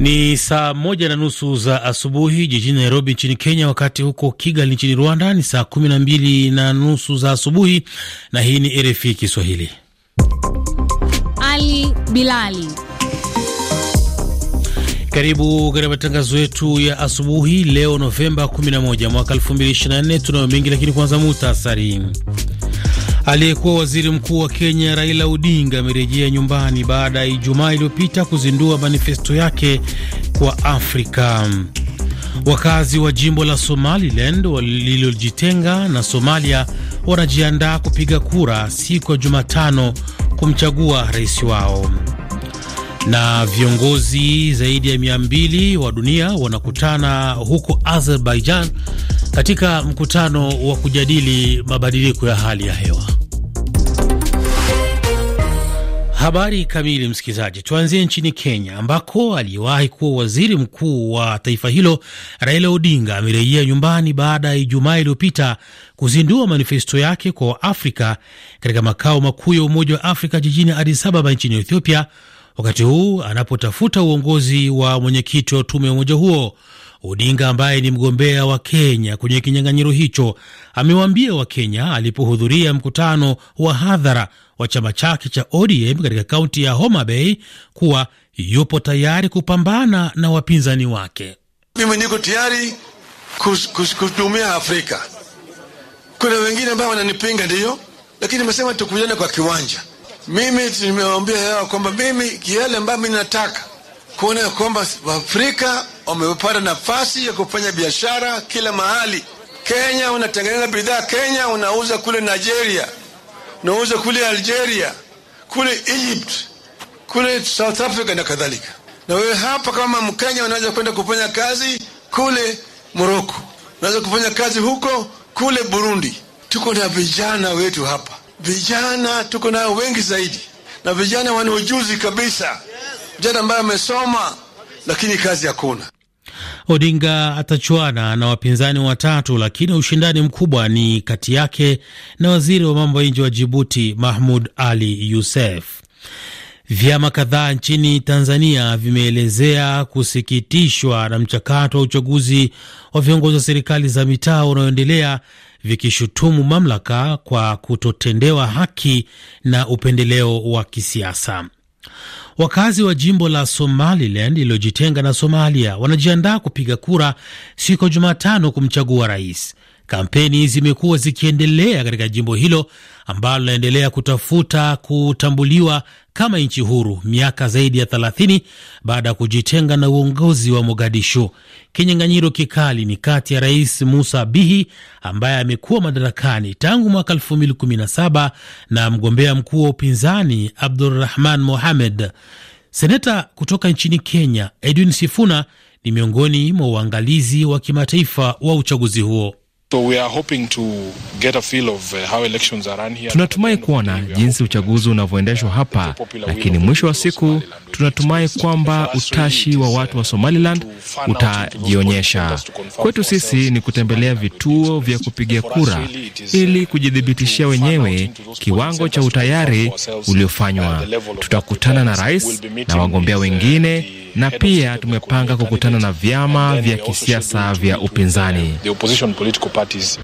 Ni saa moja na nusu za asubuhi jijini Nairobi nchini Kenya, wakati huko Kigali nchini Rwanda ni saa kumi na mbili na nusu za asubuhi. Na hii ni RFI Kiswahili. Ali Bilali, karibu katika matangazo yetu ya asubuhi leo Novemba 11 mwaka 2024. Tunayo mengi, lakini kwanza muhtasari Aliyekuwa waziri mkuu wa Kenya Raila Odinga amerejea nyumbani baada ya Ijumaa iliyopita kuzindua manifesto yake kwa Afrika. Wakazi wa jimbo la Somaliland lililojitenga na Somalia wanajiandaa kupiga kura siku ya Jumatano kumchagua rais wao. Na viongozi zaidi ya mia mbili wa dunia wanakutana huko Azerbaijan katika mkutano wa kujadili mabadiliko ya hali ya hewa. Habari kamili, msikilizaji. Tuanzie nchini Kenya ambako aliyewahi kuwa waziri mkuu wa taifa hilo Raila Odinga amerejea nyumbani baada ya Ijumaa iliyopita kuzindua manifesto yake kwa Waafrika katika makao makuu ya Umoja wa Afrika jijini Addis Ababa nchini Ethiopia, wakati huu anapotafuta uongozi wa mwenyekiti wa tume ya umoja huo. Odinga ambaye ni mgombea wa Kenya kwenye kinyang'anyiro hicho amewaambia Wakenya alipohudhuria mkutano wa hadhara wa chama chake cha ODM katika kaunti ya Homa Bay kuwa yupo tayari kupambana na wapinzani wake. Mimi niko tayari kutumia Afrika. Kuna wengine ambao wananipinga ndiyo, lakini nimesema tukujane kwa kiwanja. Mimi nimewambia hewa kwamba mimi kiale ambayo mi nataka kuona ya kwamba Waafrika wamepata nafasi ya kufanya biashara kila mahali. Kenya unatengeneza bidhaa Kenya, unauza kule Nigeria, unauza kule Algeria, kule Egypt, kule South Africa na kadhalika. Na wewe hapa kama Mkenya unaweza kwenda kufanya kazi kule Moroko, unaweza kufanya kazi huko kule Burundi. Tuko na vijana wetu hapa, vijana tuko nao wengi zaidi, na vijana wana ujuzi kabisa kijana ambaye amesoma lakini kazi hakuna. Odinga atachuana na wapinzani watatu, lakini ushindani mkubwa ni kati yake na waziri wa mambo ya nje wa Jibuti Mahmud Ali Yusef. Vyama kadhaa nchini Tanzania vimeelezea kusikitishwa na mchakato wa uchaguzi wa viongozi wa serikali za mitaa unaoendelea, vikishutumu mamlaka kwa kutotendewa haki na upendeleo wa kisiasa. Wakazi wa jimbo la Somaliland lililojitenga na Somalia wanajiandaa kupiga kura siku ya Jumatano kumchagua rais. Kampeni zimekuwa zikiendelea katika jimbo hilo ambalo linaendelea kutafuta kutambuliwa kama nchi huru miaka zaidi ya 30 baada ya kujitenga na uongozi wa Mogadishu. Kinyang'anyiro kikali ni kati ya Rais Musa Bihi ambaye amekuwa madarakani tangu mwaka 2017 na mgombea mkuu wa upinzani Abdurrahman Mohamed. Seneta kutoka nchini Kenya Edwin Sifuna ni miongoni mwa uangalizi wa kimataifa wa uchaguzi huo. Uh, tunatumai kuona jinsi uchaguzi unavyoendeshwa hapa, lakini mwisho wa siku tunatumai kwamba utashi wa uh, watu wa Somaliland utajionyesha. Kwetu sisi ni kutembelea vituo vya kupigia kura ili uh, kujithibitishia wenyewe kiwango cha utayari uliofanywa. Tutakutana na rais na wagombea wengine na pia tumepanga kukutana na vyama vya kisiasa vya upinzani parties.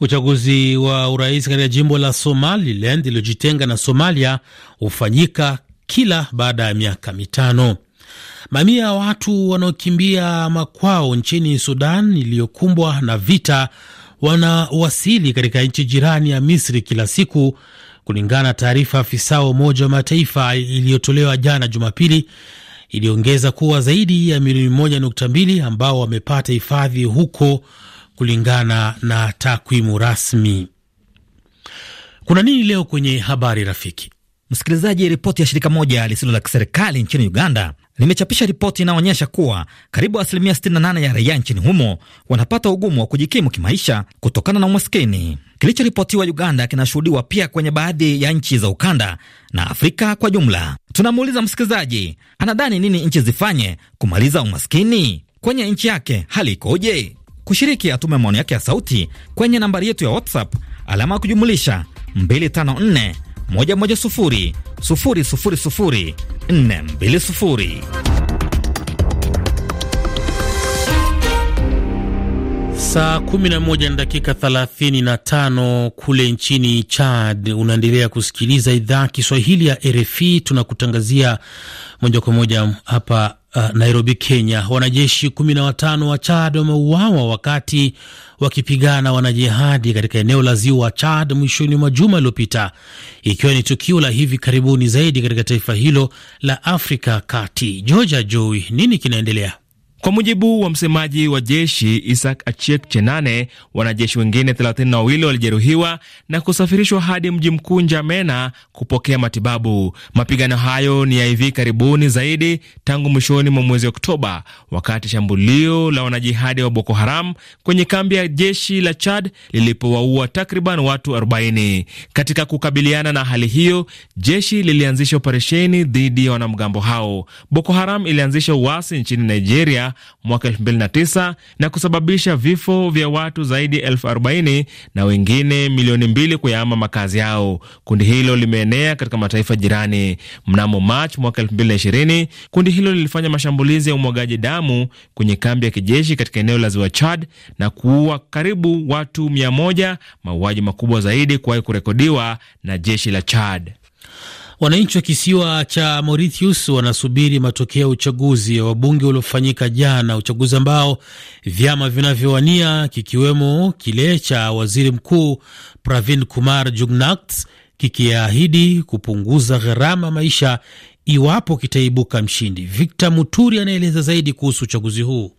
Uchaguzi wa urais katika jimbo la Somaliland iliyojitenga na Somalia hufanyika kila baada ya miaka mitano. Mamia ya watu wanaokimbia makwao nchini Sudan iliyokumbwa na vita wanawasili katika nchi jirani ya Misri kila siku, kulingana na taarifa afisa wa Umoja wa Mataifa iliyotolewa jana Jumapili. Iliongeza kuwa zaidi ya milioni 1.2 ambao wamepata hifadhi huko kulingana na takwimu rasmi. Kuna nini leo kwenye habari rafiki? Msikilizaji, ripoti ya shirika moja lisilo la kiserikali nchini Uganda limechapisha ripoti inayoonyesha kuwa karibu asilimia 68 ya raia nchini humo wanapata ugumu wa kujikimu kimaisha kutokana na umaskini. Kilichoripotiwa Uganda kinashuhudiwa pia kwenye baadhi ya nchi za ukanda na Afrika kwa jumla. Tunamuuliza msikilizaji, anadhani nini nchi zifanye kumaliza umaskini? Kwenye nchi yake hali ikoje? Kushiriki atume maoni yake ya sauti kwenye nambari yetu ya WhatsApp alama ya kujumulisha 254 nne mbili sufuri. Saa 11 na dakika 35 kule nchini Chad. Unaendelea kusikiliza idhaa Kiswahili ya RFI, tunakutangazia moja kwa moja hapa Uh, Nairobi, Kenya. Wanajeshi kumi na watano wa Chad wameuawa wakati wakipigana wanajihadi katika eneo la ziwa Chad mwishoni mwa juma iliyopita, ikiwa ni tukio la hivi karibuni zaidi katika taifa hilo la Afrika Kati. Georgia Joy, nini kinaendelea? Kwa mujibu wa msemaji wa jeshi Isaac achiek Chenane, wanajeshi wengine 32 walijeruhiwa na kusafirishwa hadi mji mkuu Njamena kupokea matibabu. Mapigano hayo ni ya hivi karibuni zaidi tangu mwishoni mwa mwezi Oktoba, wakati shambulio la wanajihadi wa Boko Haram kwenye kambi ya jeshi la Chad lilipowaua takriban watu 40. Katika kukabiliana na hali hiyo, jeshi lilianzisha operesheni dhidi ya wanamgambo hao. Boko Haram ilianzisha uasi nchini Nigeria mwaka 2009 na kusababisha vifo vya watu zaidi ya elfu na wengine milioni mbili kuyahama makazi yao. Kundi hilo limeenea katika mataifa jirani. Mnamo Machi mwaka 2020 kundi hilo lilifanya mashambulizi ya umwagaji damu kwenye kambi ya kijeshi katika eneo la ziwa Chad na kuua karibu watu 100, mauaji makubwa zaidi kuwahi kurekodiwa na jeshi la Chad. Wananchi wa kisiwa cha Mauritius wanasubiri matokeo ya uchaguzi wa wabunge uliofanyika jana, uchaguzi ambao vyama vinavyowania kikiwemo kile cha waziri mkuu Pravin Kumar Jugnauth kikiahidi kupunguza gharama maisha iwapo kitaibuka mshindi. Victor Muturi anaeleza zaidi kuhusu uchaguzi huu.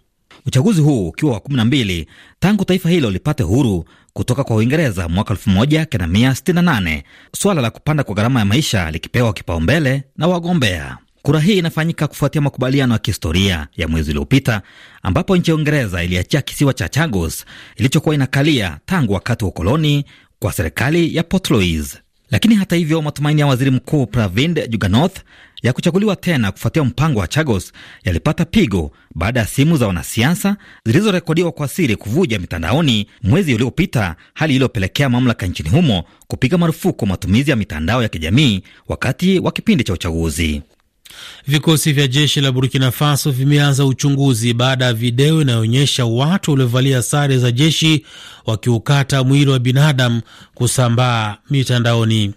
Uchaguzi huu ukiwa wa 12 tangu taifa hilo lipate huru kutoka kwa Uingereza mwaka 1968, suala la kupanda kwa gharama ya maisha likipewa kipaumbele na wagombea. Kura hii inafanyika kufuatia makubaliano ya kihistoria ya mwezi uliopita ambapo nchi ya Uingereza iliachia kisiwa cha Chagos ilichokuwa inakalia tangu wakati wa ukoloni kwa serikali ya Port Louis. Lakini hata hivyo, matumaini ya waziri mkuu Pravind Jugnauth ya kuchaguliwa tena kufuatia mpango wa Chagos yalipata pigo baada ya simu za wanasiasa zilizorekodiwa kwa siri kuvuja mitandaoni mwezi uliopita, hali iliyopelekea mamlaka nchini humo kupiga marufuku matumizi ya mitandao ya kijamii wakati wa kipindi cha uchaguzi. Vikosi vya jeshi la Burkina Faso vimeanza uchunguzi baada ya video inayoonyesha watu waliovalia sare za jeshi wakiukata mwili wa binadamu kusambaa mitandaoni.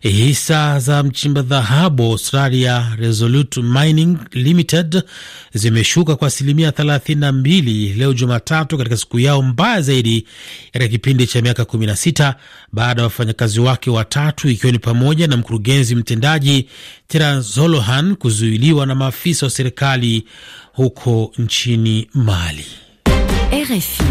Hisa za mchimba dhahabu Australia Resolute Mining Limited zimeshuka kwa asilimia 32 leo Jumatatu, katika siku yao mbaya zaidi katika kipindi cha miaka 16 baada ya wafanyakazi wake watatu, ikiwa ni pamoja na mkurugenzi mtendaji Terence kuzuiliwa na maafisa wa serikali huko nchini Mali. RFI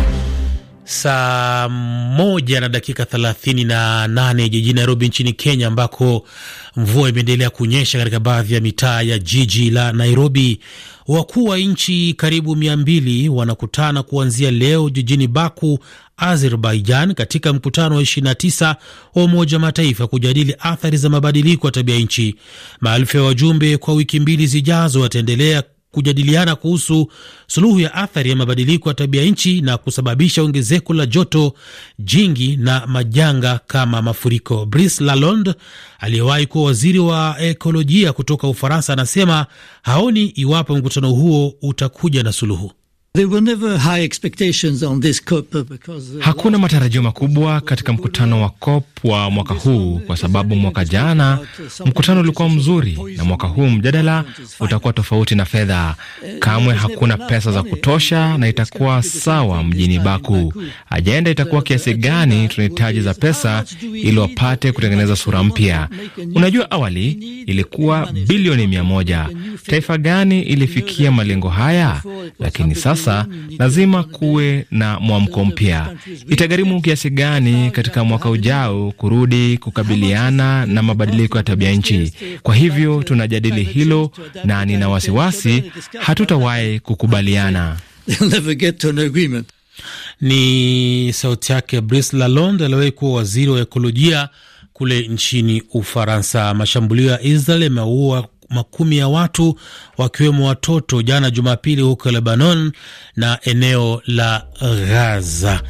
saa moja na dakika thelathini na nane jijini Nairobi nchini Kenya, ambako mvua imeendelea kunyesha katika baadhi ya mitaa ya jiji la Nairobi. Wakuu wa nchi karibu mia mbili wanakutana kuanzia leo jijini Baku, Azerbaijan, katika mkutano wa 29 wa Umoja wa Mataifa kujadili athari za mabadiliko ya tabia nchi. Maelfu ya wajumbe kwa wiki mbili zijazo wataendelea kujadiliana kuhusu suluhu ya athari ya mabadiliko ya tabia nchi na kusababisha ongezeko la joto jingi na majanga kama mafuriko. Brice Lalonde aliyewahi kuwa waziri wa ekolojia kutoka Ufaransa anasema haoni iwapo mkutano huo utakuja na suluhu. There were never high expectations on this COP uh, because, hakuna matarajio makubwa katika mkutano wa COP wa mwaka huu kwa sababu mwaka jana mkutano ulikuwa mzuri na mwaka huu mjadala utakuwa tofauti na fedha. Kamwe hakuna pesa za kutosha na itakuwa sawa mjini Baku. Ajenda itakuwa kiasi gani tunahitaji za pesa ili wapate kutengeneza sura mpya. Unajua, awali ilikuwa bilioni mia moja. Taifa gani ilifikia malengo haya? Lakini sasa sasa lazima kuwe na mwamko mpya. Itagharimu kiasi gani katika mwaka ujao kurudi kukabiliana na mabadiliko ya tabia nchi? Kwa hivyo tunajadili hilo, na nina wasiwasi hatutawahi kukubaliana. Ni sauti yake Brice Lalonde, aliwahi kuwa waziri wa ekolojia kule nchini Ufaransa. Mashambulio ya Israel yameua makumi ya watu wakiwemo watoto jana Jumapili huko Lebanon na eneo la Gaza.